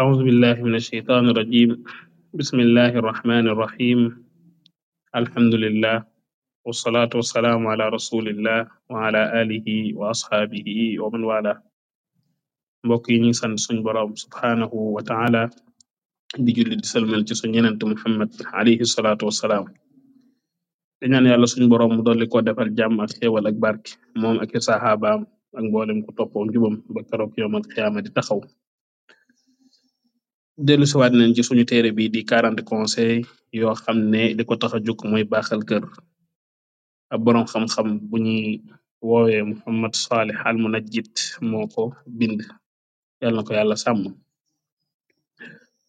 أعوذ بالله من الشيطان الرجيم بسم الله الرحمن الرحيم الحمد لله والصلاة والسلام على رسول الله وعلى آله وأصحابه ومن والاه mbokk yi ñu ngi sant suñ borom subhaanahu wa taala di julli di salmal ci suñ yenent Muhammad alayhi salaatu wassalaam di ñaan yàlla suñ borom mu dolli ko defal jàmm ak xéewal ak barke moom ak i saxaabaam ak mboolem ku toppoon jubam ba keroog yawmal xiyaama di taxaw dellu siwaat nañ ci suñu téere bi di 40 conseil yoo xam ne li ko taxa jukk mooy baaxal kër ab boroom xam-xam buñuy woowee Muhammad Saleh Al Munajjid moo ko bind yàlla na ko yàlla sàmm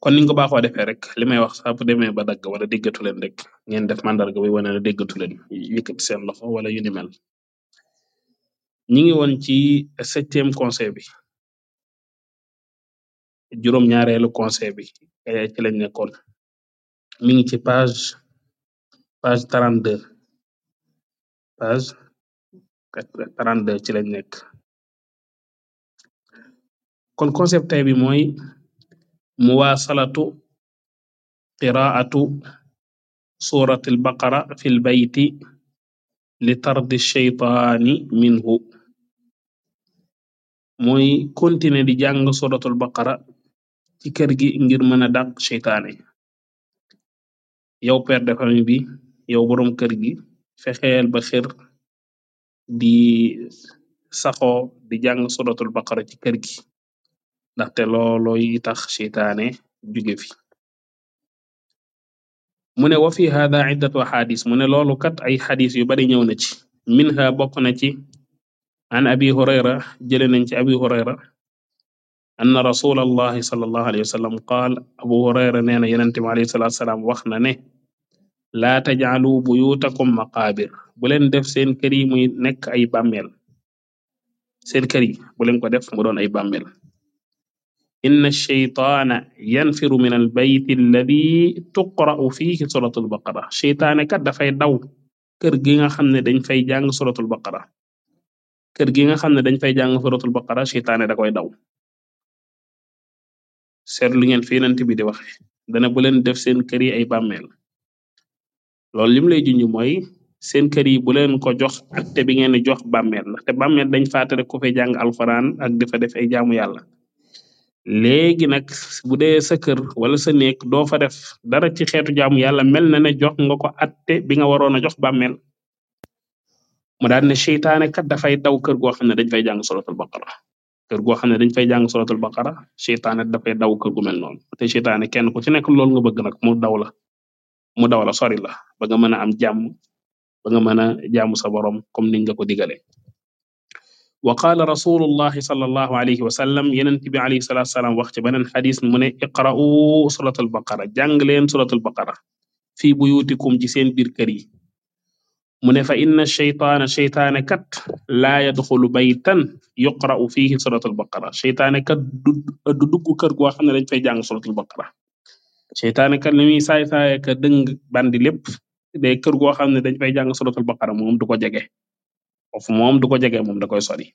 kon niñ ko baaxoo defee rek li may wax saa bu demee ba dagg wala déggatu leen rek ngeen def màndarga bi wane na déggatu leen yëkkati seen loxo wala yu ni mel ñi ngi ci septième conseil bi juróom ñaareelu conseil bi eh, ci lañ nekkoon mi ngi ci page page 32 page 32 ci lañ nekk kon concept tay bi mooy muwaasalatu qiraatu suratil baqara fil bayti li tardi sheytaani minhu mooy continuer di jàng suratul baqara ci kër gi ngir mëna dàq seytaane yaw per de fami bi yaw boroom kër gi fexeel ba xir di saxo di jàng suratul baqara ci kër gi ndaxte looloy tax seytaane juge fi mu ne wa fi hada iddatu axaadis mu ne loolu kat ay xadis yu bari ñëw na ci minha bokk na ci an abi hurayra jële nañ ci abi hurayra anna rasulallahi sallallahu alayhi wa sallam qaal abu hurayra nee na yenente bi alayhi salatu salaam wax na ne laa tajcalu buyutakum maqaabir bu leen def seen kër yi muy nekk ay bàmmeel seen kër yi bu leen ko def mu doon ay bàmmeel inna sheytaana yanfiru min albayti alladi tuqra'u fihi suratul baqara sheytaane kat dafay daw kër gi nga xam ne dañ fay jàng suratul baqara kër gi nga xam ne dañ fay jàng suratul baqara sheytaane da koy daw seetlu ngeen fi yonent bi di waxe dana bu leen def seen kër yi ay bàmmeel loolu lim lay junj mooy seen kër yi bu leen ko jox atte bi ngeen di jox bàmmeel ndaxte bàmmeel dañ fa tere ku fay jàng alxuraan ak di fa def ay jaamu yàlla léegi nag bu dee sa kër wala sa néeg doo fa def dara ci xeetu jaamu yàlla mel na ne jox nga ko atte bi nga waroon a jox bàmmeel mu daal ne seytaane kat dafay daw kër goo xam ne dañ fay jàng suratul baqara kër goo xam ne dañ fay jàng suratul baqara seytaane dafay daw kër gu mel noon te seytaane kenn ku ci nekk loolu nga bëgg na mu daw la mu daw sori la ba nga mën a am jàmm ba nga mën a jaamu sa borom comme niñ la ko digalee wa qaala rasulullahi sallallahu alayhi wa sallam yenent bi alayhi salatu salaam wax ci beneen xadis mu ne iqra'u suratul baqara jàng leen suratul baqara fii buyutikum ci seen biir kër yi mu ne fa inna sheytaana sheytaane kat laa yadxulu baytan yuqra'u fihi suratul baqara sheytaane kat du du dugg kër goo xam ne dañ fay jàng suratul baqara sheytaane kat li muy saay saay ka dëng bandi lépp de kër goo xam ne dañ fay jàng suratul baqara moom du ko jege foofu moom du ko jege moom da koy sori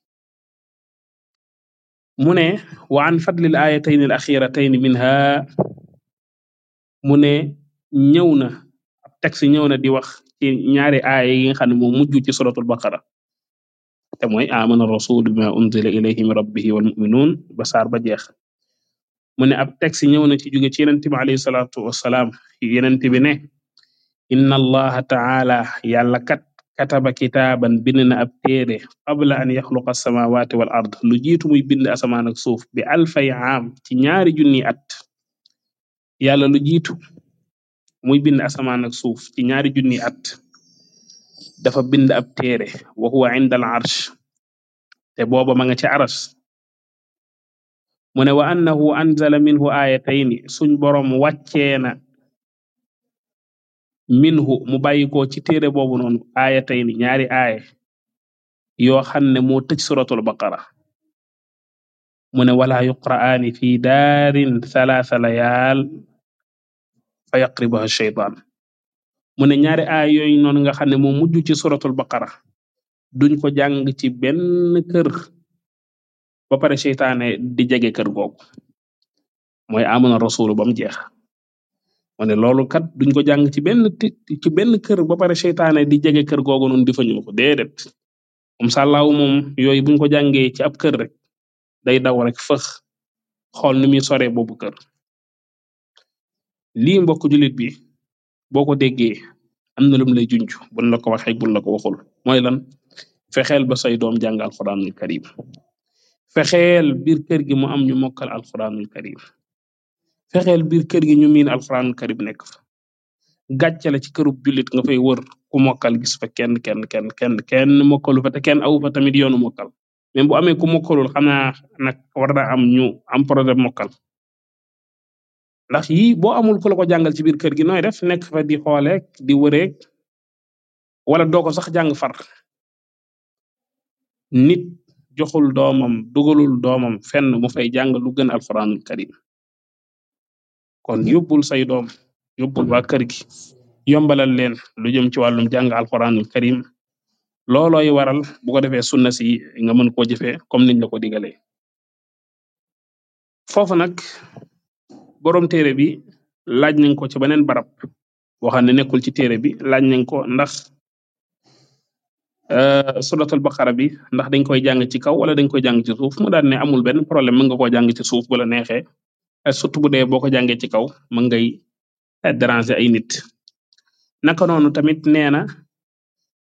mu ne wa an fadlil aayatayn al axiratayn minha mu ne ñëw na ab texte ñëw na di wax ci ñaari aaya yi xam ne moo mujj ci a baqara te mooy a rasul bima unzila ilayhi min rabbihi wal ba saar ba jeex mu ne ab texte ñëw na ci jóge ci yenente bi alayhi salaatu wasalaam yenente bi ne inna allaha yàlla kat kataba kitaaban bind na ab téere qabla an yaxluqa as-samawati wal ard lu jiitu muy bind a ak suuf bi alfay aam ci ñaari ak suuf ci ñaari junni at dafa bind ab téere wa huwa inda al te booba ma nga ci aras mu ne wa annahu anzala minhu aayatayni suñ boroom wàccee na minhu mu bàyyikoo ci téere boobu noonu aayatayni ñaari aaya yoo xam ne moo tëj suratul baqara mu ne wala yuqra'aani fi daarin thalaatha layaal fa yaqribuha sheytaan mone ñaari aay yooyu noonu nga xam ne moo mujj ci suratul baqara duñ ko jàng ci benn kër ba pare seytaane di jege kër googu mooy amana rasulu ba mu jeex mu ne loolu kat duñ ko jàng ci benn ci benn kër ba pare seytaane di jege kër googu noonu di fa ñu ko déedéet moom sàllaawu moom yooyu buñ ko jàngee ci ab kër rek day daw rek fëx xool ni muy soree boobu kër li mbokk jullit bi boo ko déggee am na lum lay junj buñ la ko waxee buñ la ko waxul mooy lan fexeel ba say doom jàng alquranul karim fexeel biir kër gi mu am ñu mokkal alquranul karim fexeel biir kër gi ñu miin alquranul karim nekk fa gàcce la ci kërub jullit nga fay wër ku mokkal gis fa kenn kenn kenn kenn kenn mokkalu fa te kenn awu fa tamit yoonu mokkal mais bu amee ku mokkalul xam naa nag war naa am ñu am projet mokkal ndax yii boo amul ku la ko jàngal ci biir kër gi nooy def nekk fa di xooleek di wëreek wala doo ko sax jàng far nit joxul doomam dugalul doomam fenn mu fay jàng lu gën alxuraanul karim kon yóbbul say doom yóbbul waa kër gi yombalal leen lu jëm ci wàllum jàng alxuraanul karim loolooy waral bu ko defee sunna si nga mën koo jëfee comme niñ la ko digalee borom téere bi laaj nañ ko ci beneen barab boo xam ne nekkul ci téere bi laaj nañ ko ndax ba euh, baqara bi ndax dañ koy jàng ci kaw wala dañ koy jàng ci suuf mu daal ne amul benn problème mën nga koo jàng ci suuf bala neexee euh, surtout bu dee boo ko jàngee ci kaw mën ngay euh, déranger ay nit naka noonu tamit nee na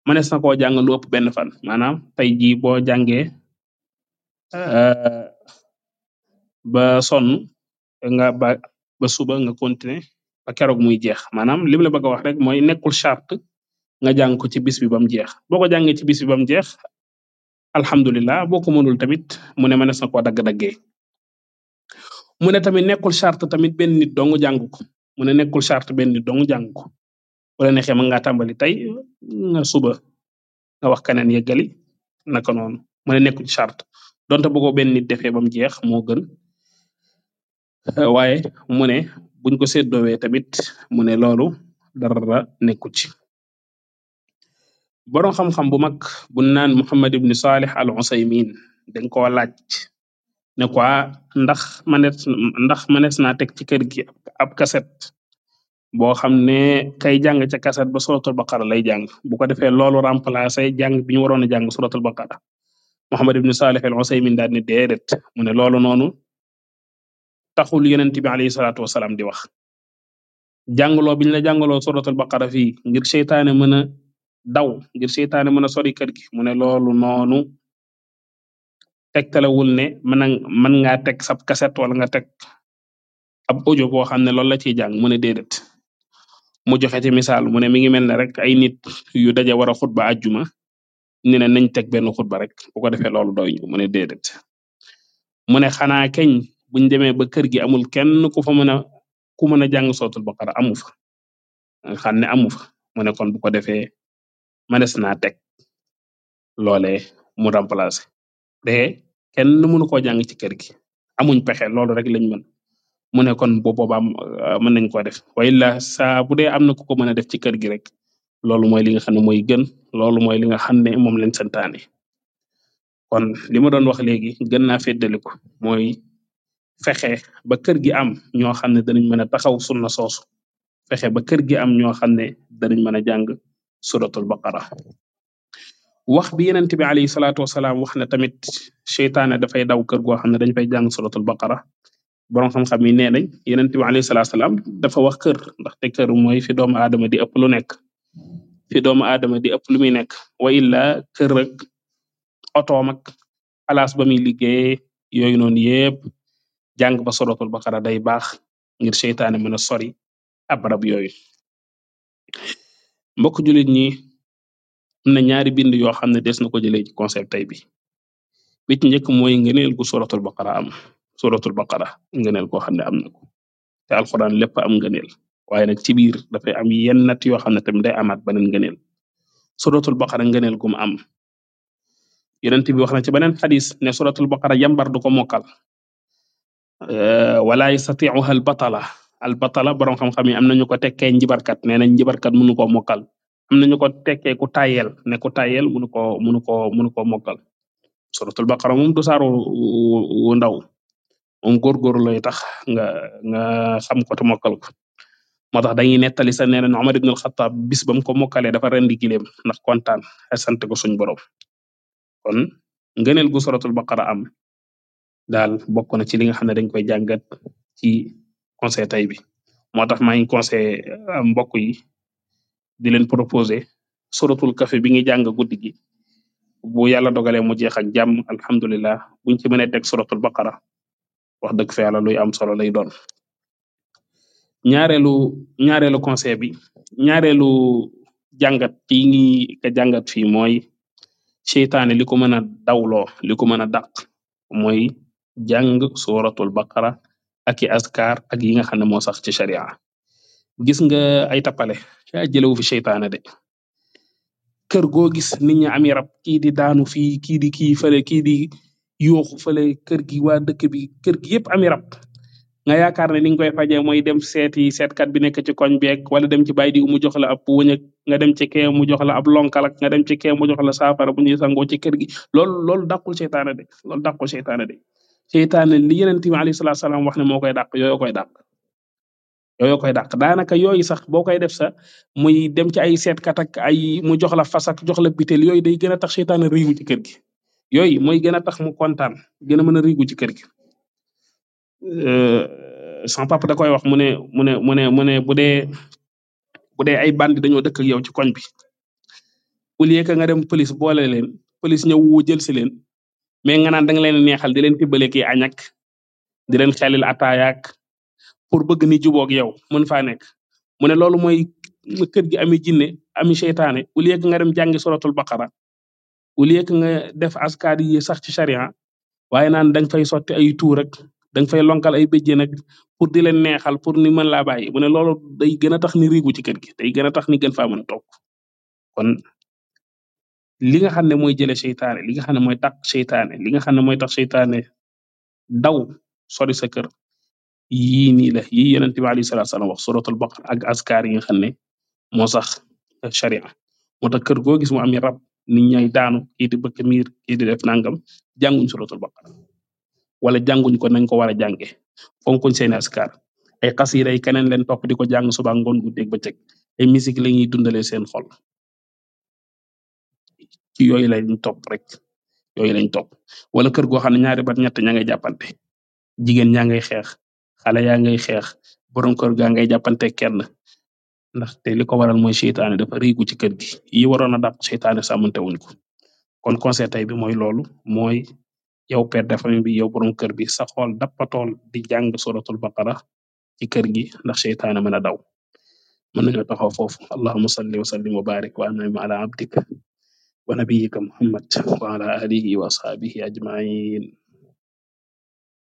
mënees na koo jàng lu benn fan maanaam tey jii boo jàngee ba son nga ba ba suba nga continuer ba keroog muy jeex maanaam lim la bëgg wax rek mooy nekkul charte nga jàng ko ci bis bi ba mu jeex boo ko jàngee ci bis bi jeex alhamdulilah boo ko mënul tamit mu ne mënees na koo dagg-daggee. ne tamit nekkul charte tamit benn nit dong jàng ko mu ne nekkul charte benn nit dong jàng ko bu la neexee mën ngaa tàmbali tey nga suba nga wax keneen yeggali naka noonu mu nekkul charte donte bo ko benn nit defee ba mu jeex moo gën. Euh, waaye mu ne buñ ko seddowee tamit mu ne loolu dara nekku ci boroom xam-xam bu mag bu naan Muhammad ibn Salih al Usaymin dañ ko laaj ne ko ah, ndax manees ndax manees naa teg ci kër gi ab kaset boo xam ne kay jàng ca kaset ba suratul baqara lay jàng bu ko defee loolu remplacé jàng bi ñu waroon a jàng suratul baqara Muhammad ibn Salih al Usaymin daal ne déedéet mu ne loolu noonu taxul yonent bi alayhi salaatu wasalaam di wax jàngaloo biñ la jàngaloo ba kara fi ngir seytaane mën a daw ngir seytaane mën a sori kër gi mu ne loolu noonu tegtalewul ne mën a mën ngaa teg sab kaset wala nga teg ab audio boo xam ne loolu la ciy jàng mu ne déedéet mu joxe ci misaal mu ne mi ngi mel ne rek ay nit yu daje war a xutba ajjuma ni ne nañ teg benn xutba rek bu ko defee loolu doy ñu mu ne déedéet mu buñ demee ba kër gi amul kenn ko fa mën a ku mën a jàng sootul baqara amu fa nga ne amu fa mu ne kon bu ko defee mënees naa teg loolee mu remplacer te kenn mënu koo jàng ci kër gi amuñ pexe loolu rek lañ mën mu ne kon bu boobaa euh, mën nañ koo def way la saa am na ku ko mën a def ci kër gi rek loolu mooy li nga xam ne mooy gën loolu mooy li nga xam ne moom lañ santaane kon li ma doon wax léegi gën naa feddali ko fexe ba kër gi am ñoo xam ne danañ mën a taxaw sunna soosu fexe ba kër gi am ñoo xam ne danañ mën a jàng suratul baqara wax bi yenent bi alayhi salaatu wasalaam wax na tamit seytaane dafay daw kër goo xam ne dañ fay jàng suratul baqara borom xam-xam yi nee nañ yenent bi alayhi salaatu wasalaam dafa wax kër ndaxte kër mooy fi doomu aadama di ëpp lu nekk fi doomu aadama di ëpp lu muy nekk wa illa kër ak otoom ak ba muy liggéey yooyu noonu yépp jàng ba suratul baqara day baax ngir seytaane mën a sori ab barab yooyu mbokk jullit ñi am na ñaari bind yoo xam ne des na ko jëlee ci concept tey bi bi ci njëkk mooy ngëneel gu suratul baqara am suratul baqara ngëneel koo xam ne am na ko te alxuraan lépp am ngëneel waaye nag ci biir dafay am yenn natt yoo xam ne tamit day amaat beneen ngëneel suratul baqara ngëneel gu mu am yonent bi wax ci beneen xadis ne suratul baqara jàmbar du ko mokkal Eh, walay yastati'uha albatala albatala borom xam-xam yi am nañu ko tekkee njibarkat nee nañ njibarkat mënu ko mokkal am nañu ko tekkee ku tayel ne ku tayel mënu ko mënu ko mënu ko mokkal suratul baqara moom du saaru wu ndaw moom tax nga nga xam ko te mokkal ko moo tax dañuy nettali sa nee na Umar ibn al-Khattab bis ba mu ko mokkalee dafa rendi gileem ndax kontaan sant ko suñ borom kon ngëneel gu suratul baqara am daal bokk na ci li nga xam ne dañ koy jàngat ci conseil tay bi moo tax maa ngi conseil euh, mbokk yi di leen proposer suratul kafe bi ngi jàng guddi gi bu yàlla dogalee mu jeex ak jàmm alhamdulilah buñ ci mënee teg suratul baqara wax dëgg fa yàlla luy am solo lay doon ñaareelu ñaareelu conseil bi ñaareelu jàngat ki ngi ka jàngat fii mooy seytaane li ko mën a dawloo li ko mën a dàq mooy jàng suratul baqara ak i askar ak yi nga xam ne moo sax ci sharia gis nga ay tappale ca jëlewu fi seytaane de kër goo gis nit ñi ami rab kii di daanu fii kii di kii fële kii di yooxu kër gi waa dëkk bi kër gi yépp ami rab nga yaakaar ne li nga koy faje mooy dem seeti seetkat bi nekk ci koñ beeg wala dem ci bàyyi di mu jox la ab wëñëg nga dem ci kee mu jox la ab lonkalak nga dem ci kee mu jox la saafara bu ñuy sangoo ci kër gi loolu loolu dàqul seytaane de loolu dàqul seytaane de seytaane li yeneen bi alayhi salaam wax ne moo koy dàq yooyu koy dàq yooyu dàq daanaka yooyu sax boo koy def sa muy dem ci ay seetkat ak ay mu jox la fas jox la bitel yooyu day gën a tax seytaane riigu ci kër gi yooyu mooy gën a tax mu kontaan gën a mën a riigu ci kër gi euh, sans da koy wax mu ne mu ne mu ne mu ne bu dee bu dee ay bandi dañoo dëkk ak yow ci koñ bi au lieu que nga dem police boole leen police ñëw wu jël si leen mais nga naan da nga leen neexal di leen tibbale kii añak di leen xelil ataayaak pour bëgg ni jubóog yow mën faa nekk mu ne loolu mooy kër gi ami jinne ami seytaane au lieu nga dem jàngi suratul baqara au lieu que nga def askaar yi sax ci charian waaye naan da nga fay sotti ay tuur rek da fay lonkal ay béjjee nag pour di leen neexal pour ni mën laa bàyyi mu ne loolu day gën a tax ni riigu ci kër gi day gën a tax ni gën faa mën toog li nga xam ne mooy jëlee seytaane li nga xam ne mooy takk seytaane li xam ne mooy tax seytaane daw sori sa kër yii nii la yii yonent bi alayhi salaatu salaam wax suratul baqara ak askar yi xam ne moo sax sharia moo tax kër goo gis mu ami rab nit ñay daanu kii ba bëkk miir kii di def nangam jànguñ suratul baqara wala jànguñ ko nañ ko war a jànge fonkuñ seen askar ay xasiida yi keneen leen topp di ko jàng suba ngoon guddeeg bëccëg ay musique la ñuy dundalee seen xol ci yooyu lañ topp rek yooyu lañ topp wala kër goo xam ne ñaari bat ñett ña ngay jàppante jigéen ñaa ngay xeex xale yaa ngay xeex borom kër gaa ngay jàppante kenn ndaxte li ko waral mooy seytaane dafa riigu ci kër gi yi waroon a dàq seytaane sàmmante ko kon conseil tey bi mooy loolu mooy yow père famille bi yow borom kër bi sa xool dappatool di jàng suratul baqara ci kër gi ndax seytaane mën a daw mën nañoo taxaw foofu allahumma salli wa sallim wa barik wa an'im ala abdika ونبيك محمد وعلى آله وأصحابه أجمعين